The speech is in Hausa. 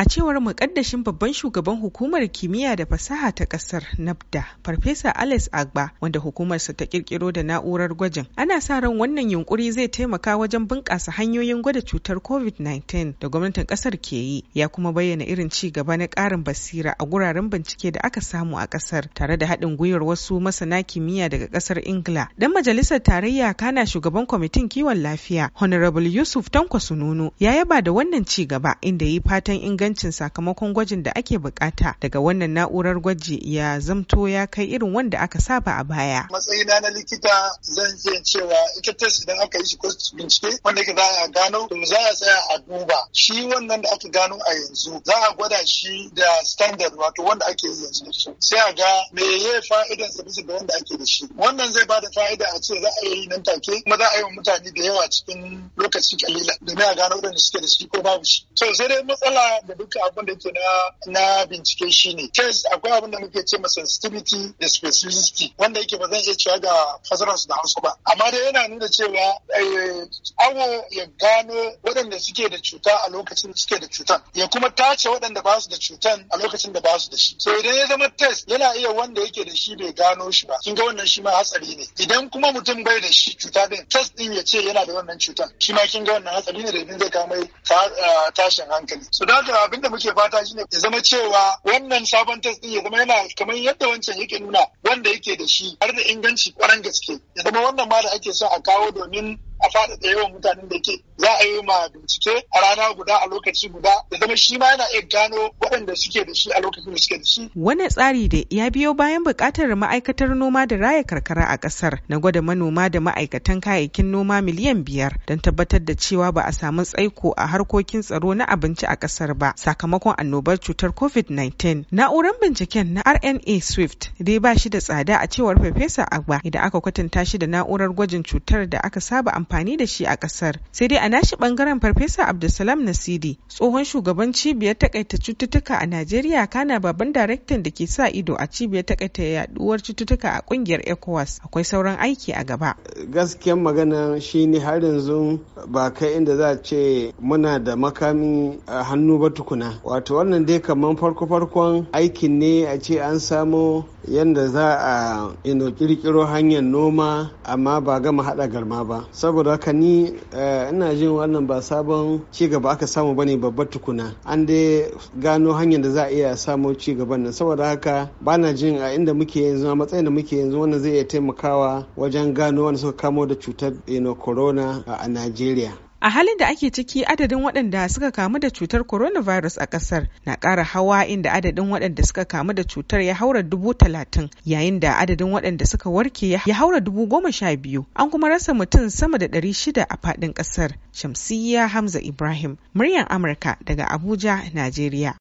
A cewar mukaddashin babban shugaban hukumar kimiyya da fasaha ta kasar NABDA, Farfesa Alex Agba, wanda hukumarsa ta kirkiro da na'urar gwajin. Ana sa ran wannan yunkuri zai taimaka wajen bunƙasa hanyoyin gwada cutar COVID-19 da gwamnatin kasar ke yi, ya kuma bayyana irin ci gaba na ƙarin basira a guraren bincike da aka samu a kasar tare da haɗin gwiwar wasu masana kimiyya daga kasar Ingila. Dan majalisar tarayya kana shugaban kwamitin kiwon lafiya, Honorable Yusuf Nunu, ya yaba da wannan ci gaba inda yi fatan inganci ingancin sakamakon gwajin da ake bukata daga wannan na'urar gwaji ya zamto ya kai irin wanda aka saba a baya. Matsayina na likita zan iya cewa ita test idan aka yi shi ko bincike wanda yake za a gano to za a tsaya a duba shi wannan da aka gano a yanzu za a gwada shi da standard wato wanda ake yi yanzu sai a ga me ya fa'idan sa bisa da wanda ake da shi wannan zai ba da fa'ida a ce za a yi nan take kuma za a yi wa mutane da yawa cikin lokaci kalila domin a gano waɗanda suke da shi ko babu shi. To sai dai matsala da dukkan abin da ke na bincike shi ne. test akwai abin da muke ce ma sensitivity da specificity wanda yake ba zan iya cewa ga fasararsu da hausa ba amma dai yana nuna cewa eh, awo ya gano waɗanda suke da cuta a lokacin suke da cutan ya kuma tace waɗanda ba su da cutan a lokacin da ba su da shi so idan ya zama test yana iya wanda yake da shi bai gano shi ba kin ga wannan shi ma hatsari ne idan kuma mutum bai da shi cuta din test din ya ce yana da wannan cutan shi ma kin ga wannan hatsari ne da idan zai kawo mai eh, tashin hankali so da haka abinda muke fata shine ya zama cewa wannan sabon test ɗin ya zama yana kamar yadda wancan yake nuna wanda yake da shi har da inganci kwaran gaske ya zama wannan ma da ake so a kawo domin a da yawan mutanen da ke za a yi ma bincike a rana guda a lokaci guda da zama shi ma yana iya gano waɗanda suke da shi a lokacin da suke da shi. Wani tsari da ya biyo bayan buƙatar ma'aikatar noma da raya karkara a ƙasar na gwada manoma da ma'aikatan kayayyakin noma miliyan biyar don tabbatar da cewa ba a samu tsaiko a harkokin tsaro na abinci a ƙasar ba sakamakon annobar cutar COVID-19. Na'urar binciken na RNA Swift dai ba shi da tsada a cewar Farfesa Agba idan aka kwatanta shi da na'urar gwajin cutar da aka saba amfani amfani da shi a kasar sai dai a nashi bangaren farfesa abdulsalam nasidi tsohon shugaban cibiyar takaita cututtuka a najeriya kana babban daraktan da ke sa ido a cibiyar takaita yaduwar cututtuka a kungiyar ecowas akwai sauran aiki a gaba gaskiyan magana shi ne har yanzu ba kai inda za a ce muna da makami a hannu ba tukuna wato wannan dai kamar farko farkon aikin ne a ce an samo yadda za a kirkiro hanyar noma amma ba gama haɗa garma ba saboda saboda haka ni eh, ina jin wannan ba sabon ci gaba aka samu bane babbar tukuna an dai gano hanyar da za a iya samu ci gaban nan saboda haka ba na jin a inda muke yanzu a matsayin da muke yanzu wannan zai iya taimakawa wajen gano wanda suka kamo da cutar corona a Najeriya A halin da ake ciki adadin waɗanda suka kamu da cutar coronavirus a ƙasar na ƙara hawa inda adadin waɗanda suka kamu da cutar ya haura dubu talatin yayin da adadin waɗanda suka warke ya haura dubu goma sha biyu an kuma rasa mutum sama da ɗari shida a faɗin ƙasar. Shamsiyya Hamza Ibrahim, muryar Amurka daga Abuja, Najeriya.